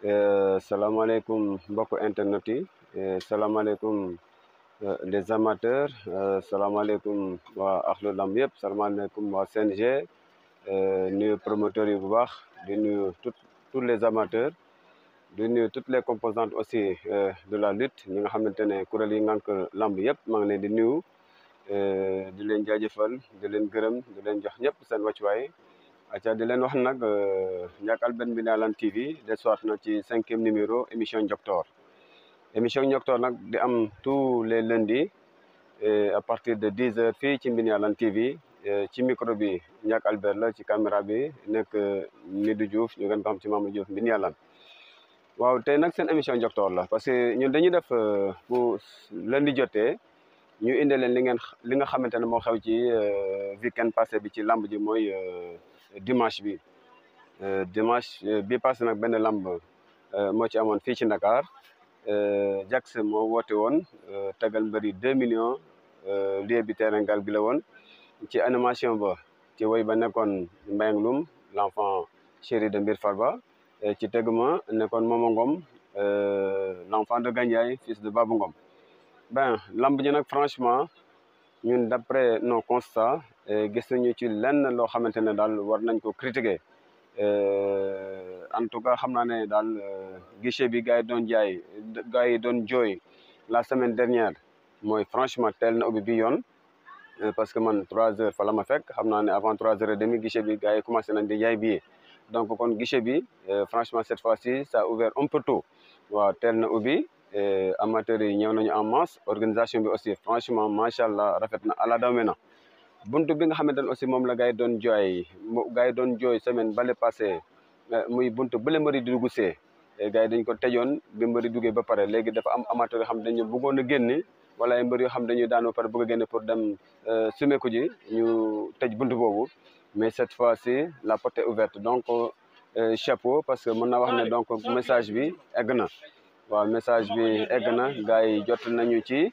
Salam euh, salaamaaleykum beaucoup internet Salam euh, salaamaaleykum euh, les amateurs Salam salaamaaleykum waa axlu lamb Salam salaamaaleykum waa CNG nous promoteurs yi bu baax di nuyu tout tous les amateurs di nous toutes les composantes aussi de la lutte ñi nga xamantene kurel yi ngank lamb yeb maa ngi leen di nuyu di len jaajëfal di len gërem di len jox ñëpp seen wàccuwaay acha di len wax nag njaakal euh, Albert bi TV de soit na ci cinquième numéro émission Njoktoor émission Njoktoor nag di am tous les lundis euh, à partir de 10 h fi ci Ndinaalane TV euh, ci micro bi Ndiak Albert la ci caméra bi n'ek, Midou Diouf ñu gën ko xam ci Mamadou Diouf Ndinaalane waaw tay nak sen émission Njoktoor la parce que ñun dañuy def bu lundi jotee ñu indé len li ngeen li nga xamante mo xew ci weekend passé bi ci lamb ji mooy dimanche bi euh, dimanche euh, bi passé nak ben lamb euh, mo ci amone fi ci Dakar Jax moo woote woon tegal mbëri deux millions lieu bi terrain gal bi la won ci animation ba ci way ba nekkoon Mbayang l'enfant chéri de Mbir Farba ci teguma nekkoon maman Ngom l'enfant de Gandiaye fils de Babou Ngom ben lamb ji nak franchement ñun d'après nos constats euh, gis nañu ci lenn loo xamante ne daal war nañ ko critiquer euh, en tout cas xam naa ne daal euh, guichet bi gars yi doon jaay gars yi doon jooy la semaine dernière mooy franchement teel na ubbi bi yoon parce que man trois heures fa la ma fekk xam naa ne avant trois heures et demie guichet bi gars yi commencé nañ di jaay billet donc kon guichet bi franchement cette fois-ci ça a ouvert un peu tôt waaw teel na ubbi amateurs yi ñëw nañu en masse organisation bi aussi franchement macha allah rafet na ala daw na buntu bi nga xamante ne aussi moom la gay doon jooy gars yi doon jooy semaine bale passé eh, muy bunt bële mbëri di dugg see eh, gars dañ ko tejoon bi mbëri duggee ba pare léegi dafa am amateur yoo xam dañu bëggoon a génn wala ay mbër yoo xam dañuy daan ba pare bëgg a génn pour dem eh, sumeeku ji ñu tej bunt boobu mais cette fois ci la porte ouverte donc chapeau parce que mën na wax ne donc message bi egg na waaw message bi egg na gars jot nañu ci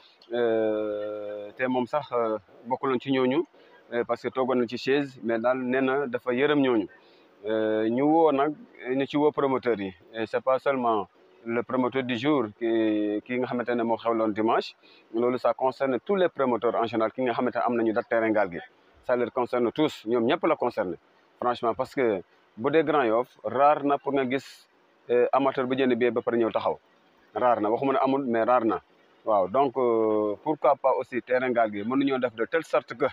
Euh, té mom sax euh, bokkuloon ci ñooñu euh, parce que toogoon na ci chaise mais dal néna dafa yërëm ñooñu ñu wo nak ñu ci wo promoteur yi c'est pas seulement le promoteur du jour qui qui nga xamante mo xewlon dimanche loolu ça concerne tous les promoteurs en général qui nga xamante ne am nañu terrain gal gi ça leur concerne tous ñom ñep la concerne franchement parce que bu des grands Yoff rare na pour nga gis amateur bu jënd bi ba par ñew taxaw rare na waxuma ne amul mais rare na donc euh, pourquoi pas aussi terrain galgé mon fait de telle sorte que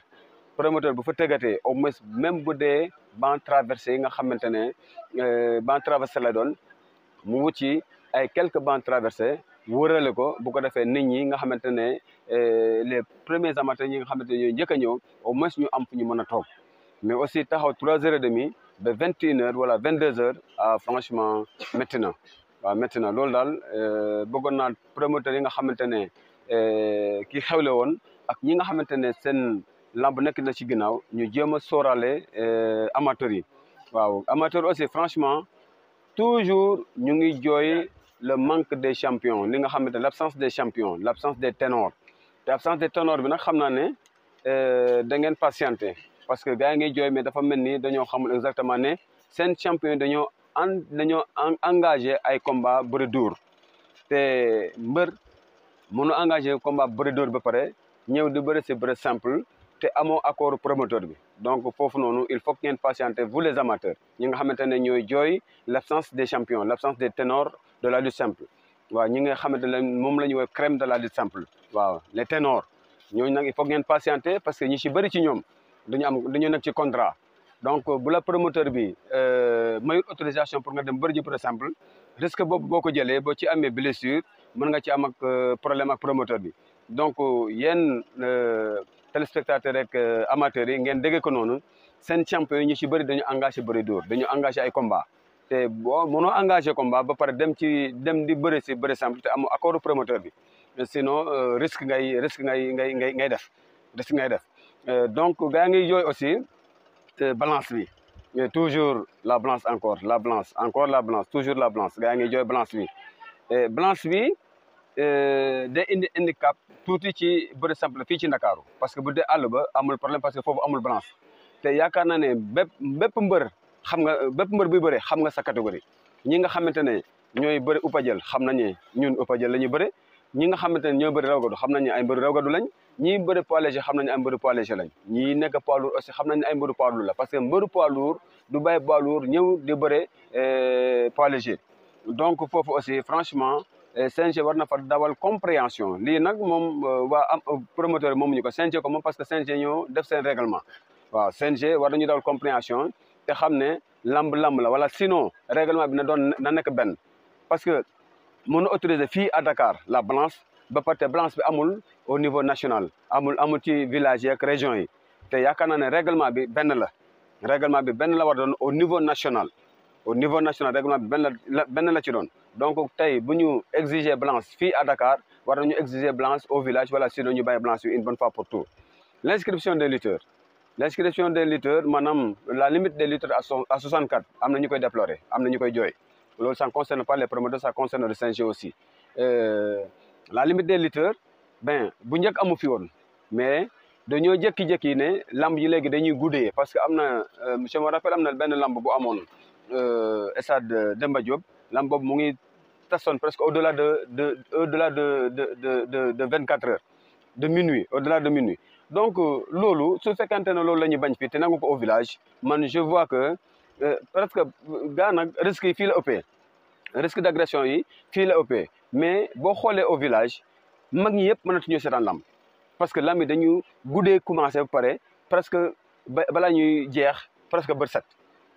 promoteur bu fa teggate au moins même si dé ban traverser nga xamantene euh ban traverser la donne mu wuti ay quelques bancs, traverser wourale ko bu ko défé euh, les premiers amateurs ñi nga xamantene ñoy ñëk ñëw au moins ñu am fu ñu mëna mais aussi taxaw 3h30 21h 22h franchement maintenant waaw métti na loolu daal eh, bëggoon promoteur yi nga xamantene euh ki xewle won ak ñi nga xamantene sen lamb nek na ci ginnaaw ñu jëma soralé euh amateur yi waaw amateur aussi franchement toujours ñu ngi jooy le manque des champions li nga xamantene l'absence des champions l'absence des ténors te absence des ténors bi nak xamna né euh da ngeen patienter parce que gaay yi ngay jooy mais dafa mel ni dañoo xamul exactement né sen champion dañoo sommes engagés engagé un combat bëri Nous sommes engagés mënu combat bëri dóor ba bëri simple te accord promoteur donc il faut que patienter vous les amateurs Nous avons des champions l'absence des ténors de la lutte simple Nous avons crème de la lutte simple les ténors il faut que patienter parce que nous sommes bëri ci nous, donc euh, bu la promoteur bi euh, mayul autorisation pour nga dem bëri ji par exemple risque boobu boo ko boo ci amee blessure mën nga ci am ak euh, problème bi donc yéen téléspectateur rek amateurs yi ngeen déggee ko noonu seen champion ñu ci bëri dañu engagé bëri dóor dañu engagé ay combat boo mënoo engagé combat ba pare dem ci dem di bëri si par exemple te amoo accord bi sinon risque ngay risque ngay ngay ngay def risque ngay def donc gaa ngi jooy aussi te balance bi mais toujours la balance encore la balance encore la balance toujours la balance gaa ngi jooy balance bi balance bi euh, day indi handicap tuuti ci bëri simple ci Ndakaaru parce que bu dee àll ba amul problème parce que foofu amul balance te yaakaar naa ne bépp bépp mbër xam nga bépp mbër buy bëri xam nga sa catégorie ñi nga xamante ne ñooy bëri uppajël xam ñi ñun uppajël la ñuy bëri ñi nga xamanteni ne ñooy bëri raw gadu xam nañu ay mbëri raw du lañ ñi bëri poids léger xam ay mbëri poids léger lañ ñi nekk poids aussi xamnañ nañu ay mbëri poids la parce que mbëri poids du bàyyi poids lourd ñëw di bëre euh, poids léger donc fofu aussi franchement euh, CNG war na fa dawal compréhension li nak mom euh, wa am promoteur moom ñuko ko ko mom parce que CNG ñoo def sen règlement waaw CNG war nañu dawal compréhension te xamné lamb lamb la wala sinon règlement bi na doon na nekk ben parce que mon autorisé fi à Dakar la blanche ba pare te blanche bi amul au niveau national amul amul ci village et région yi te yaakaar naa règlement bi ben la règlement bi ben la war au niveau national au niveau national règlement bi ben la ben la ci donc tay buñu exiger blanche fi à Dakar war nañu exiger blanche au village voilà sinon ñu bàyyi blanche une bonne fois pour tout L'inscription des lutteurs L'inscription des lutteurs manam la limite des lutteurs à 64 amna am ñu déplorer amna ñu koy ça ne concerne pas les promoteurs, ça concerne le Saint-Gé aussi. Euh, la limite des litres, ben, bu njëkk amu fi woon mais dañoo jékki-jékki ne lamb yi léegi dañuy goudé, parce que amna, euh, monsieur me rappelle am na benn lamb bu amoon euh, stade euh, Demba Diop lamb boobu mu ngi tasoon presque au delà de de au delà de de de de de heures de minuit au delà de minuit donc loolu su fekkante ne loolu la ñuy bañ fii te nangu ko au village man je vois que euh, parce que gaa nag risques yi fii la ëppee risque d' agression yi fii la ëppee mais boo xoolee au village mag ñi yëpp mënatuñu seetaan lam parce que lam yi dañu guddee commencé ba pare presque ba balaa ñuy jeex presque bët set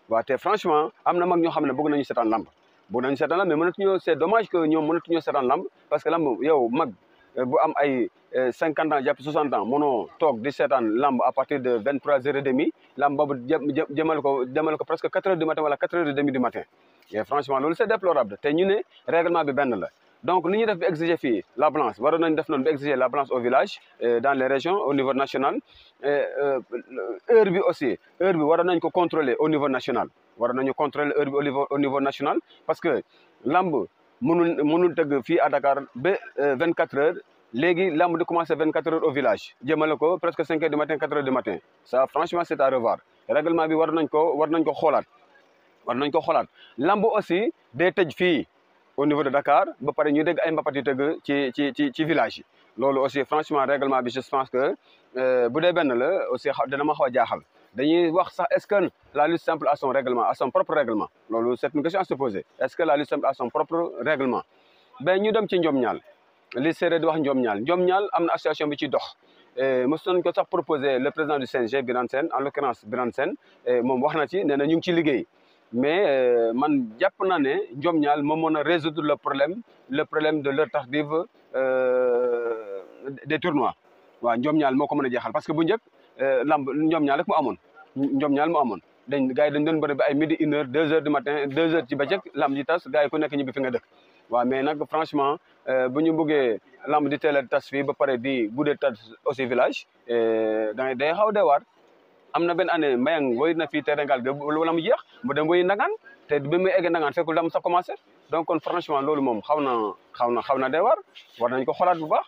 waaw te franchement am na mag ñoo xam ne bëgg nañu seetaan lamb bëgg nañu seetaan lamb mais mënatuñoo c' est dommage que ñoom mënatuñoo seetaan lamb parce que lamb yow mag. Euh, bu am ay 50 euh, ans jàpp 60 ans mono tok 17 ans lamb à partir de 23 trois heures et demie lamb boobu jëmal ko jëmal ko presque 4 heures du matin wala 4 heures et demie du matin et franchement loolu c'est déplorable te ñu né règlement bi ben la donc li ñuy def bi exiger fi la balance waro nañ def non bi exiger la balance au village euh, dans les régions au niveau national heure bi aussi heure bi waro nañ ko contrôler au niveau national waro nañu contrôler heure bi au niveau au niveau national parce que lamb mënul mënul tëgg fii à Dakar ba 24 euh, heures léegi lamb di commencé 24 quatre heures au village jëmale ko presque cinq heures du matin quatre heures du matin ça franchement c'est à revoir règlement bi war nañ ko war nañ ko xoolaat war nañ ko xoolaat lamb aussi day tëj fii au niveau de Dakar ba pare ñu dégg ay mbapat yi tëgg ci ci ci ci village yi loolu aussi franchement règlement bi je pense que euh, bu dee benn la aussi dana ma xaw a jaaxal est-ce que la lutte simple a son règlement son propre règlement c'est une question à se poser est-ce que la lutte simple a son propre règlement ben ñu dem ci njom ñal li nous di wax association bi ci dox le président du CNG en l'occurrence Birane Sen, moom wax ci ñu mais euh, man résoudre le problème le problème de leur tardive euh, des tournois waaw njom ñal moo parce que bu Eh, lamb nyam nyalek rek mu nyam nyalek ñaar mu amoon dañ gars yi dañ doon bëri ba ay midi une heure deux heures du matin deux heures ci bëccëg lamb ji tas gars yi ku nekk ñibbi fi nga dëkk waaw mais nag franchement eh, bu ñu bëggee lamb di teel a tas fii ba pare di guddee tas aussi village eh, da ngay day xaw a deewaar amna na benn année mbayang woy na fi terrain gaal lu lamb jeex mu dem woy nagaan te bi muy eggee nagaan fekkul lamb sa commencé donc kon franchement loolu moom xaw na xaw na xaw na war nañ ko xoolaat bu baax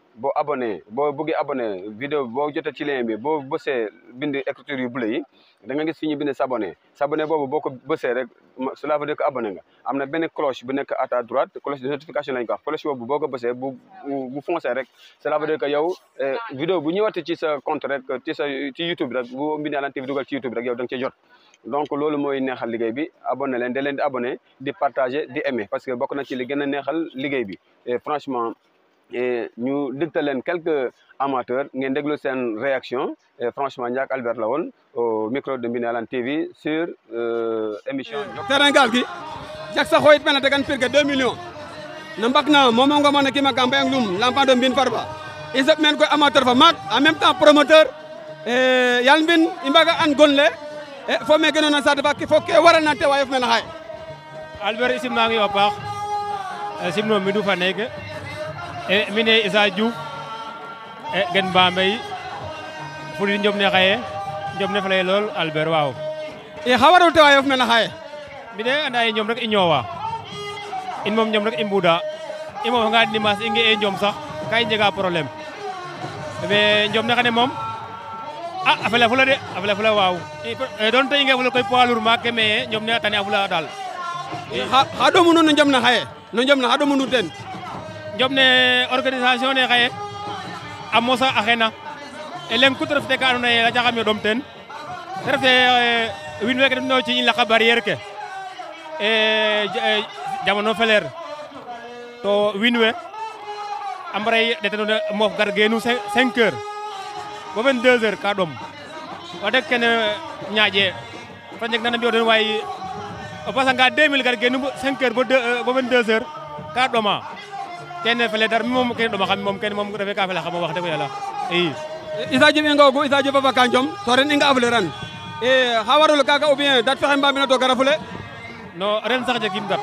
bo abonné bo bëggee abonné vidéo bo abonné, ci lien bi s'abonner s'abonner cela veut abonné cloche bu à ta droite cloche de notification lañ ko cloche cela veut vidéo YouTube rek YouTube rek yow da nga jot donc neexal abonné abonné partager parce que franchement ñu dégtal leen quelques amateurs ngeen déglu seen réaction franchement Ndiak Albert la woon au micro de Mbine Yalane TV sur euh, émission. terrain gaal gi jak sa xoyit mene tegan pirke 2 millions no mbak na momo ngomane kima ka mbayang lum lampando mbin farba i soɓ meen koy amateur fa maak en même promoteur yaal mbin i mbaga an gon le fo me genoona saate fa fo ke waralna te wayof mene xaye Albert i simnang yo a paax simno mbindu fa neeke e mine Issa Diouf e gen Bambey fuli Ndiob ne xaye Ndiob ne faley lool Albert waaw e xa waru tewayof mene xaye mine anda ye ñoom rek i ñoowa in moom ñoom rek i mbuuda i moofanga dimanche i nge'e ñoom sax ka i njega problème mais Ndiob ne xane moom ah, a a fela fula de a fela fula waaw e, doon te i nge fula koy poids lourd ke meye ñoom ne a a fula daal xa ɗomu nuun no Ndiob ne xa ɗomu ten joɓne organisation ne xaye a mosa a xena e leŋ kut refte ka andoona yee xa yo ɗom teen te refte e, wiin weeke ndefna o ci'iñ laqa barrière ke e, jamano feleer to wiin we a mbara ɗetan moof gargeenu 5 heures bo 22 ka ɗom wax deg kene ñaaƴee ta jeg nana mbiyo den waay o pasanga 2000 gargeenu 5 bo 22 ka ɗoma kenn fele dar mom kene duma xam mom kene mom refe ka fele xam wax deug yalla i isa jim nga go isa jim baba djom to ren nga afle ran e hawarul kaka ou bien dat fexem bamina to gara no ren sax djegim dat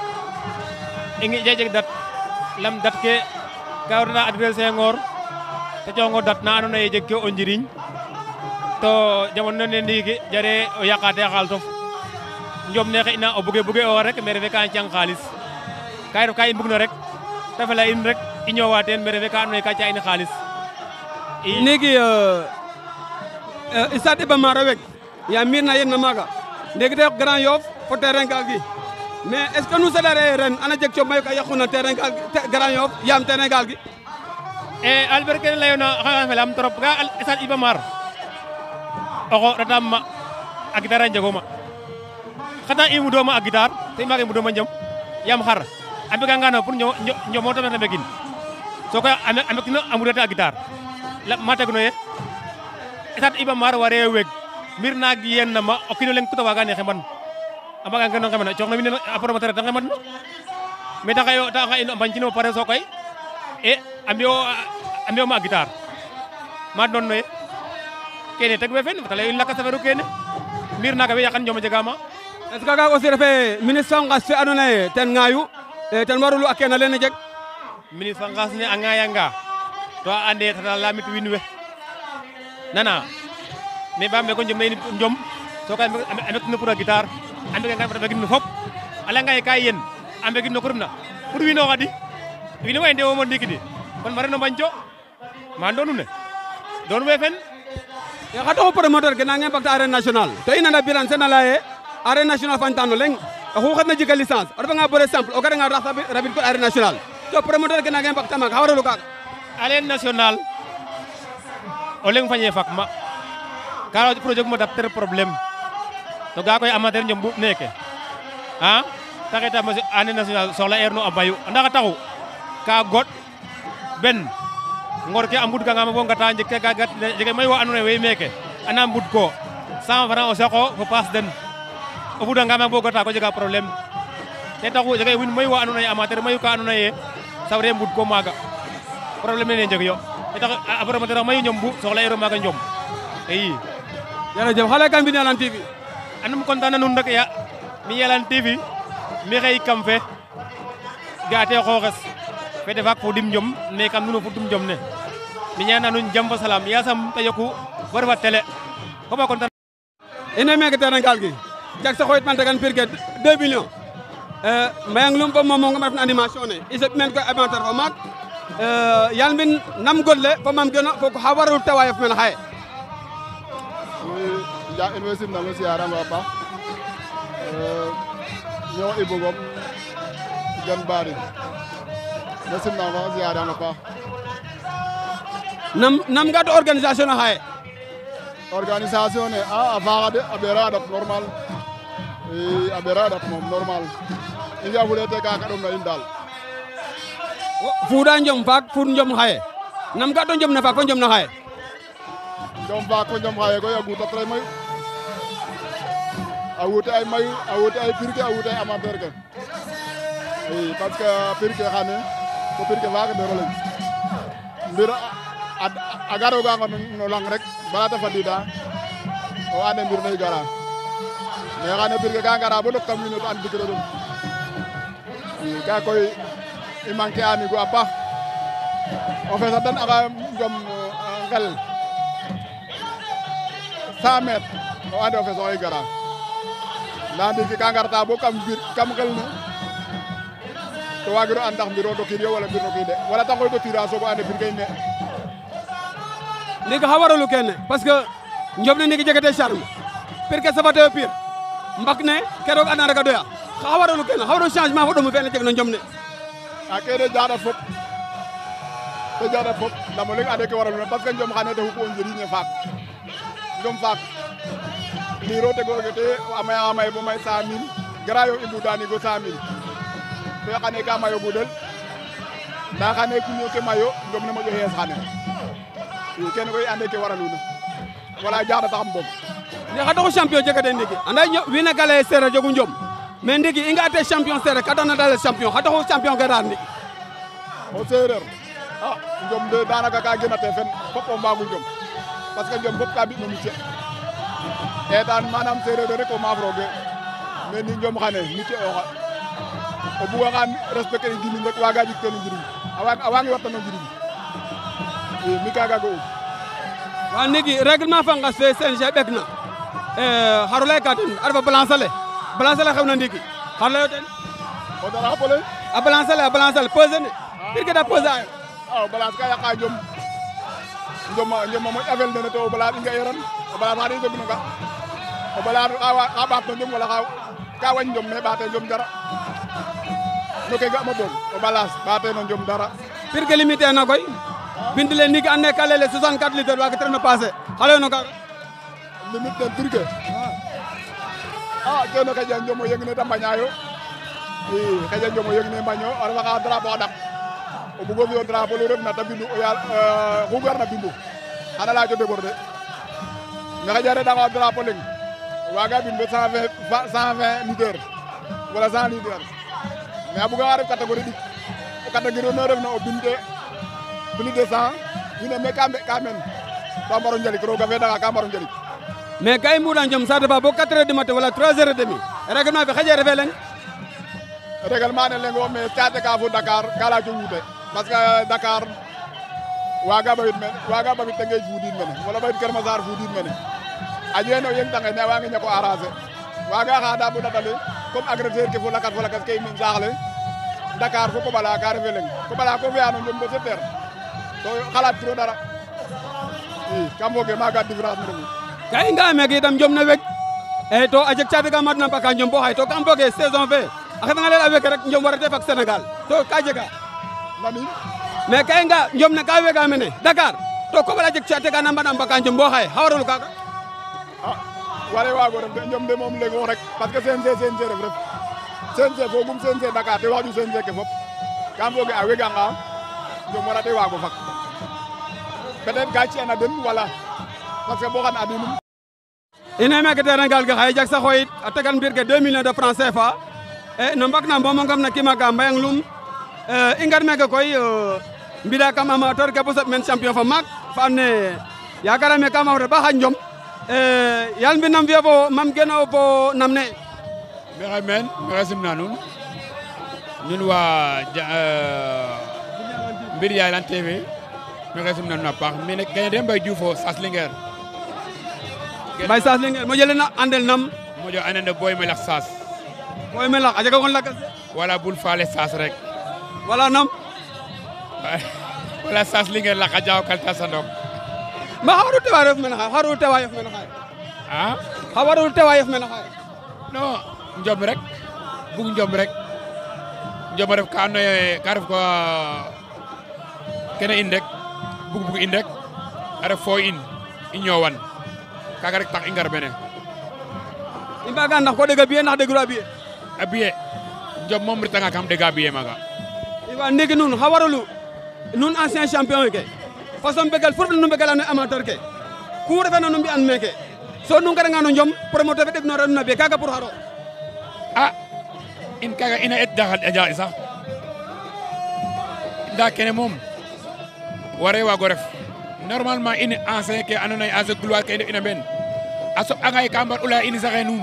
ingi jejeg dat lam dat ke gawrna adversaire ngor te jongo dat na ando ne djeg ke o to jamon ne ndigi jare o yakate to njom ne xina o buge buge o rek mere fe kan cang khalis kay kay mbugno rek tafala in rek i ñowaten me refe ka andoona yee ka ci'a in xaalis ndiiki i saɗ ɗeɓa maaro weg yaam miir na yerna maaga ndiiki te Grand Yoff fo terrain gaagi mais est ce que nu ren xana jeg coob mayu ka yaquna terrain Grand Yoff yaam terrain gaagi e Albert kene layoona xaga felaam trop ga i saɗ ɗeɓa maar oxo retaam ma a gitaar a xata i mudoma a gitaar te i maaga i mudoma njam xar ambe gangano pour ño ño mo tamé begin? so ko ambe ambe amu amurata guitar la mata no ye etat iba mar ware weg mir nag gi na ma okino len kuta waga ne xeman ama ya, gangano xeman ci xno min apro ma tere tan xeman me ta kayo ta kayo ban ci no pare so koy e eh, ambe o ambe ma guitar ma don no ye kene tag be fen tale illa ka kene mir ga be yakan joma jagama est ce que ga aussi refe ministre anu nga ten ngayu Eh, tan marulu lu akena len jek mini fangas ne anga yanga to ande tata lamit winwe nana me bambe ko jom nayni jom so kay amet no pura guitar ambe nga fa bagin fop ala nga kay yen ambe gin no kurna pour wino kadi wino way ndewo mo ndikidi kon mare no banjo ma ndonu ne don we fen ya xato promoteur gena ngem bakta arena national to na bilan senala e arena national fantano leng xuxatna jega licence o refangaa bo exemple o garanga rax rabid ko arène nationale to promoteur ke naanga mbagta maaga xa waralu kaaga arène nationale o leŋ fañe fak ma ka pour o jegum a dab problème to ga koy amateur ño mbuuɓ neeke ah, a taxe ta année nationale soxla eerno a mbayu anda taxu ka goɗ ben ngor ke a mbudkangama bo ngata jeg ke ka jege mayu wa andoona ye way meeke ana mbud ko 100 francs o saqo fo paas den o fudangama bo gata ko jega problem. te taxu jega win mayu wa andoona amatir amateur mayu ka andoona yee sawre ya, mbut ko maga problème ne jega yo te tax a promoteur mayu ñom bu soxla yero maga ñom i jëm xale kan bi lan TV anum content na nun ndak ya mi yelan TV mi xey kam fe gaté xoxes fe defak dim ñom ne kam fu dum ñom ne mi ñaana nun jëm fa salam ya sam tayeku war wa tele ko ba content ina meke kalgi jaksahoyit man tagan pir ke 2 millions euh mayang lum fo mom nga refna animation ne isa soɓ men koy animateur fo maak yal mbin nam golle le mam gëna foko xa tawayef men xaye ya way na o siarango a ba euh ñoo ibugo gan mbarin na simnang fa o siarang a paax nam nam ga organisation o xaye organisation ne a a de abera normal i a ɓera ɗat moom normal i njafule te ka kaɗomna in daal oh, fuuɗa njom faak fuud njom xaye nam ga to njom na faak fo njom xaye koy a guutat lay mayu a wute ay mayu a wute ay pir a wute ay amateur ke i parce que pir fo pir faak ndero leŋ mbir a garoga no lang rek bala te fadida o ande mbir ne gara neexaano ga ngara bo lok kam wiin we to an bugiro i ka koy i manquer a miigu o feesa dan anga jom ngel 100 metre o ande o fees oxey gara nda ndiiki ga ngarka bo kam ngel ne to wagiro and ndax mbiro ndokiid yo wala mbir ndokiide wala te xooytiyo a soogo ande purke i ne ndiiki xa waralu kene parce que ne ndiiki jegatee charme :fra piir ke safatee piir mbakne keroog andan rega doya xa waronu kene xa waru changement fo ɗomu fene jeg no jom ne a kene jaɗat fop te jaɗat fop ndam ke waraluna parce que jom xane te xupu o njiriñ e faak jom faak liiro tegooge te a maya xa may bo may cent mille gara yo i mbudanigo cent mille to xane ka mayo gudel nda xane kuño ke mayo jom ne moƴo xees xane i kene koy ande ke waraluna wala jaɗataxam boog nde xa taxu champion jegate ndiki anda a ga leye seereer jogu njom mais ndiki i nga' te champion seereer ka taxna da xa taxu champion ke raar ndiki o seereer ah, njom de danaka ka gena te fen fop o mbaagu njom parce que njom fop ka mbi' no métier eetaan manaam seereer rek o maaf rooge mais ni njom xane métier oxa o bugangaan i njiriñ rek waaga jeg teen o njiriñ a waangi mi kaaga wa ndiki règlement fa ngas fe CNG xarule ka ten a refa xew na ndiiki xar leyo ten o dara ah. a ah, balance a ah, balance ale pesé ne pir ke da ka yaqa jom jom jom a moƴ a fel nene to o balance i nga eran o balance xaɗi jom nonga o balance xa ɓaat no jom wala xa ka wañ jom me ɓaate jom dara no ke ga'ma ɓoog o balance ɓaate no jom dara pir ke limité koy bind le ndiiki and naye ka leyele 64 litres waage tret no passé xa leyo limite turke ah kene ka janjo mo ini ta banyayo i ka janjo mo yengne banyo or waka drapo adak o bugo yo drapo lu rep na bindu o yal ko na bindu ana lagi jode borde na ka jare da ko drapo ling waga bindu 120 120 leader wala 100 leader mais abuga war catégorie dik catégorie no na o plus de 100 ñu ne me kambe kamen kamaro njalik roga fe daga kamaro mais ga i jom sate fa bo 4 heures du matin wala 3 heures et demi réglement fe xaƴe refe leŋ ne leŋ o mais caate ka fo Dakar ka laaco wuute parce que Dakar waaga ɓafit mene waaga ɓafit mene wala ɓafit Keur Massar fuudiin mene a ƴeen o ne waange ñako arranger waaga xaada bo ɗatale comme agresseur ke fo lakas fo lakas ke i min saax le Dakar fo koɓala ka refe leŋ ko fi'ano jom bo sept xalaat tiro dara ka i nga'a meke jom na wek e to a jeg caate ka maadna ɓaka jom bo hay to kam fooge saison fe a nga leel avec weke rek jom def ak senegal to ka jega lamine mais ka i nga jom ne ka wega mene Dakar to ko bala jek caate ka na mbaɗa ɓaka jom bo xaye xa waralu kaga ware waago ref de jom de moom leŋo rek parce que sen sen jere rek sen sen bo CNG sen sen Dakar te waxju sen ke fop kam fooge a weganga jom warate go fak peut être ka ci'ana den wala parce que boo xam ne adunum ine meke terengal ge xaye jak saxo yit a tegan de e, kima ka lum e, i ngar meke koy e, mbida kam amateur men champion fa maak fa and naye yakarame kam awre ba xa njom yal mbinam fiya fo mam kene o fo nam ne tv maxey simna apa? a paax mene kene de mbay bay sas le moƴo andel nam moƴo andene boy me lax sas boy me lax a jega gon lakas wala bul faale rek wala nam wala sas lingeer lax a jaw sandok ma xa waru tewa ref mene xaye xa waru tewa yof mene njom rek bug njom rek njom a ref ka andoona yee ka ref ko euh, kene in rek bug bug a ref fo in i kaga rek tax i ngar mene i mbaga ndax ko ɗega billet ndax ɗegiro a billet a billet job moom retanga kam ɗega billet maaga iwa ndiki nuun xa warolu nuun ancien champion ke façon mbegal fop nu mbegala no amateur ke ku refena nu mbi'an meke so nu ngaranga no njom promoteur fe ɗegnora nuun a billet kaga pour xaro a in kaga ina et daxa a jaxi sax kene moom ware waago ref normalement ini ancien ke andona ye ancien gloire ke ina ben aso soɓ'anga ye ka mbar u leya aji saxe nuun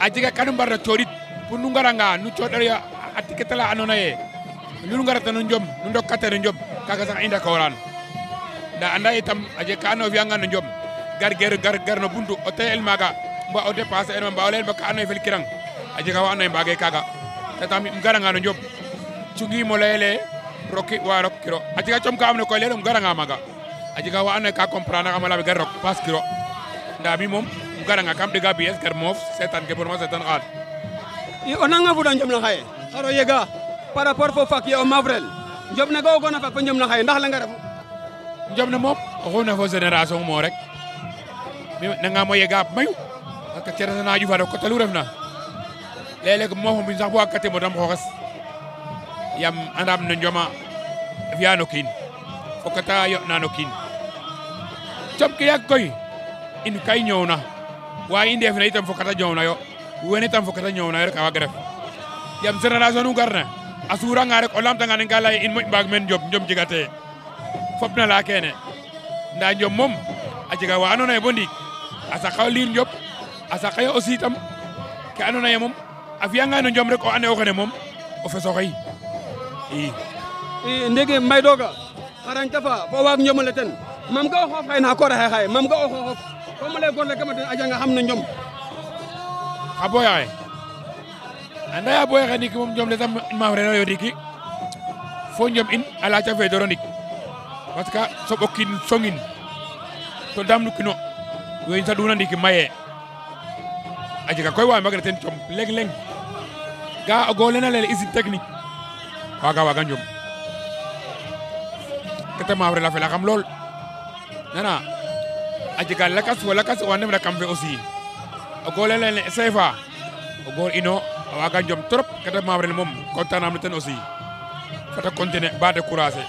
a jega kanu mbarna coɗit pour nu ngaranga nu ya atiketa la andona ye nu ngara tanu njom nu ndokkate no njom kaga sax inda ndakoran da anda tam a jeg ka njom gar gar gar gar no buntu hotel maga mba o dépasser en mba o leel ka aji fel kirang a jega wa kaga tatam im garanga njom cungimo leyele roki wa kiro a jega com ka am ne garanga maga Aji jega wa ka comprendre ka mala be gar rok kiro nda mi moom nga garanga kam gabi biyes gar mof seetan ke pour ma seetan i o nanga fuda njom na xaye xar yega par rapport fo fak yo ya mavrel njom na ga na fak fo njom na xaye ndax nga def njom na mom oxu na fo generation mo rek na nga mo yega mayu ak que ceresa na fa do ko talu refna léeg-léeg moofo bi sax bo akate mo dam yam andam na njoma fiano kin kata copki yak koy in kay ñowna wa i ndef na itam fokata ñowna yo wene tam fokata ñowna yo rek wa waga ref yam génération nu garna asura nga rek olam tanga nga lay in moƴ mbaag men job job jegate fop na la kene nda ñom mom a jega wa andona ye bo ndiik a saqa Asa job a aussi tam ke mom a nga no ñom rek o o xene mom o so xey i i ndege doga xarañ tafa fa fo ñomale ten mam ga o xoox na koor axe xaye mam ga o xooxof comme lay goor le kama den a janga xam na ñom xa booy a booy axe ndiiki moom ñom le tam maam reno ndiiki fo ñom in a laaca feedoro ndik parce que soɓo kiin songin to daam kino we in saɗuna ndiiki maye a jega koy wa maag ten com leng leng ga o goor lena lele usine technique waaga waaga ñom kete fela xam lool nana a jega lakas fo lakas wa ndefna kam fe aussi o goole leyne CFA o goor ino a waaga njom trop kete maaf ren moom content naam no ten aussi fata continuer ba décourager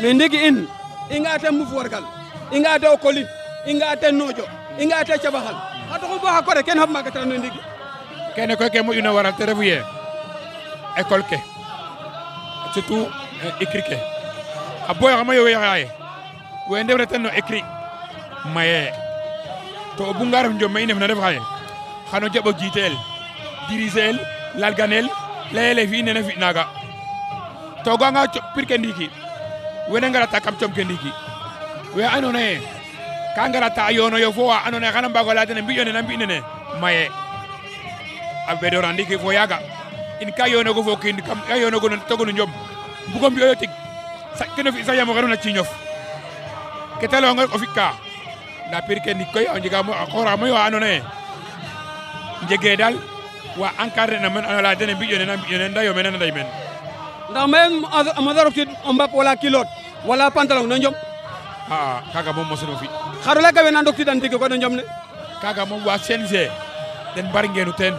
mais ndiki in i nga a ten muf wargal i nga a te o kolin i nga a ten noojo i nga a xa taxu bo xa kore kene fop maaga tarano ndiki kene koy ke moƴuna waral te refu ye école ke surtout eh, écrit ke a boya xama yowe xaye woyen ndefreten no écrit maye to o buga ref jom ma na def xaye xano jabo jitel dirisel lalganel lele fi ne fi naga to ganga pir ke ndiki wena ngara takam com ke ndiki we anone, naye ka ngarata a yonoyo fo wa ando xana mbago leya dene mbiƴo na mbi nene maye a ɓedora ndiki fo yaga in ka go fo kiin kam ka yonogo togonu njom mbugo mbi'oyo tig saƴkino fi sa yamo ci ñof kete lo o tapi na pir ke ndikoy on jega mo akora mo anone jege dal wa encadre na men ala dene mbiƴone na mbiƴone nda yo men nda men ndax même amada roktid o mbap wala kilot wala pantalon no njom ha kaga mom so fi la gawe na dan tige ko njom ne kaga mom wa CNG den bar ngenu ten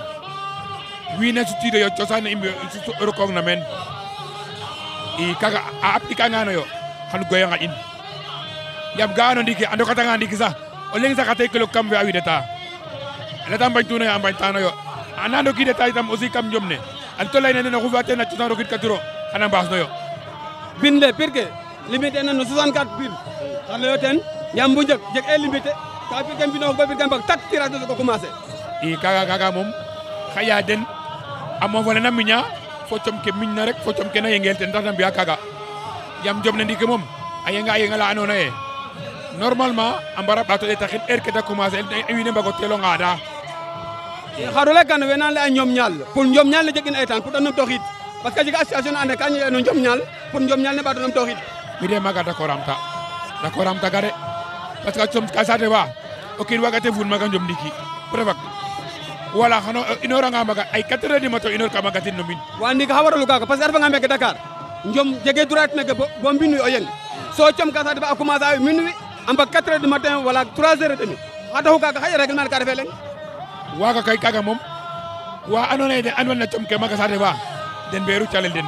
wina sutido yo ciosan imbe euro ko na men i kaga a aplikangano yo xal goyanga in yab gaano ndiki ando kata nga ndiki sa o leng sa kata kilo kam wideta ala tam bai tuna ya mbay tano yo anando ki deta itam ozi kam jomne anto lay nene na kuvate na tusan rokit katuro ana bahas no yo binde pirke limite na kat bin kalo yo ten yam bu jek jek e limite ka pirke bino ko pirke bak tak tirage ko kumase i kaga kaga mum kaya den amo vole na minya focom ke minna rek focom ke na yengel ten tan biya kaga yam jomne ndiki mom ayenga ayenga la anona e normalement ambara bara ɓato er taxin heure ke da commencer wiine mbago telo le kan wena leya ñoom ñaal pour le ñaal ne jegin a etaan pour te numtooxiid parce que jega association na ande ka ñe'e no ñoom pour ñoom ñaal ne ɓaato numtooxiid mi de maaga d'accord am ta d'accord am taga de parce que com ka saate fa o kiin waagate fuun maaga njom ndiki prefak wala xano inoranga euh, maaga ay 4 heures du matin inor ka maaga tin no mbin wa ndiiki xa waralu kaaga parce que a refanga Dakar jege bo so com ka saate fa a minuit amba 4 heures du matin wala 3 heures et demie hada huka ga hayra reglement ka defelen waga kay kaga mom wa anone de anone tom ke maga sade ba den beru calel den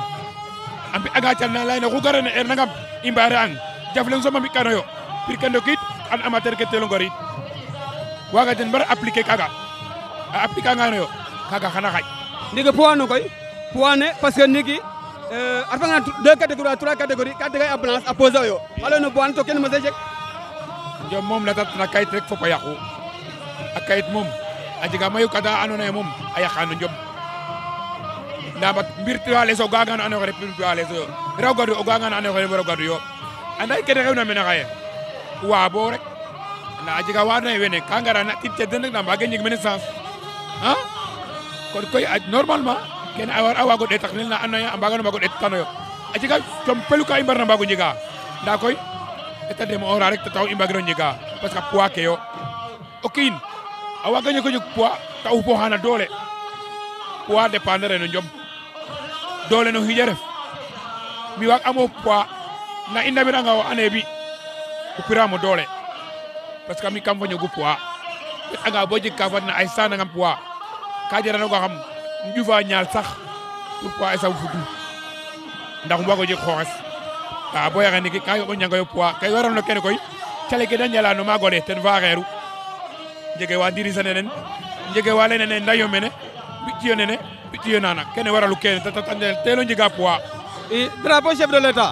ambi aga cal na layna ku garana er nangam imbare an jaflen soma mi kanoyo pirkando kit an amateur ke telongori waga den bar appliquer kaga a appliquer ngano yo kaga xana xaj ndiga poano koy poane parce que niki euh arfa nga deux catégories trois catégories catégorie à balance à poser yo alors no poane to ken ma jek Jom mom la tat anu na kayit rek fopa yaqu ak kayit mom a jega mayu kada anu ne mom a xanu njom nda bat mbir tiwale so gaga anu ando xere tiwale so raw gadu o gaga na anu raw gadu yo anday kene xewna mena xaye wa bo rek na a jega wa wene kangara na tit den na ba jeg men sans ha ko koy normalement ken a war a de detax na ando ya, naye a mbagano mbago detkano yo a jega com pelu ka na mbarna koy eta dem ora rek taw imbagro njega parce que poids ke ya, yo okin awa ganyo ko juk poids taw po hana dole poids dépendre no njom dole no hije ref mi wak amo poids na inda mi ranga o ane bi upiramo dole parce que mi kam fanyo gu poids aga bo jik ka na ay sana ngam poids ka jara anu no xam njufa ñaal sax pour poids esa fudu ndax mbago jik xoxes ka bo yaga niki ka yogo ñango yo poids kay waran no kene koy cale ke da ñala no mago de ten fa xeeru jege wa dirisa nenen jege wa lene ndayo mene bitiyo nene bitiyo nana kene waralu kene tata tandel telo jega poids i drapeau chef de l'état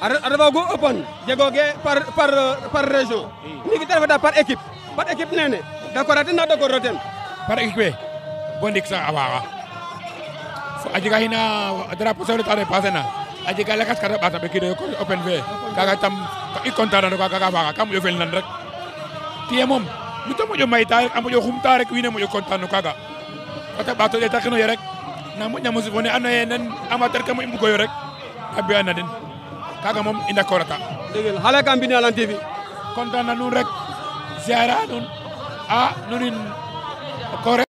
adaba go open jegoge par par par région niki tel fata par équipe par équipe nene d'accord atina d'accord roten par équipe eh. bondik sa awaga a jega hina drapeau chef de l'état de passé na a jega lakas kaate ɓaata ɓekiidoyo e koy open fe kaaga tam i content no kaaga faaxa ka moƴo fel nan rek tiye moom nu ta moƴo mayta rek a moƴo xumta rek wiin we moƴo content no kaaga fata ɓaato ɗeeta xino ye rek na moƴna mosif one andoona yee nen amateur ke moƴ mbugoyo rek a mbi'an na den kaaga moom i d'accord ata degel xale ka mbind Alan TV content na rek ziara nuun a nunin ko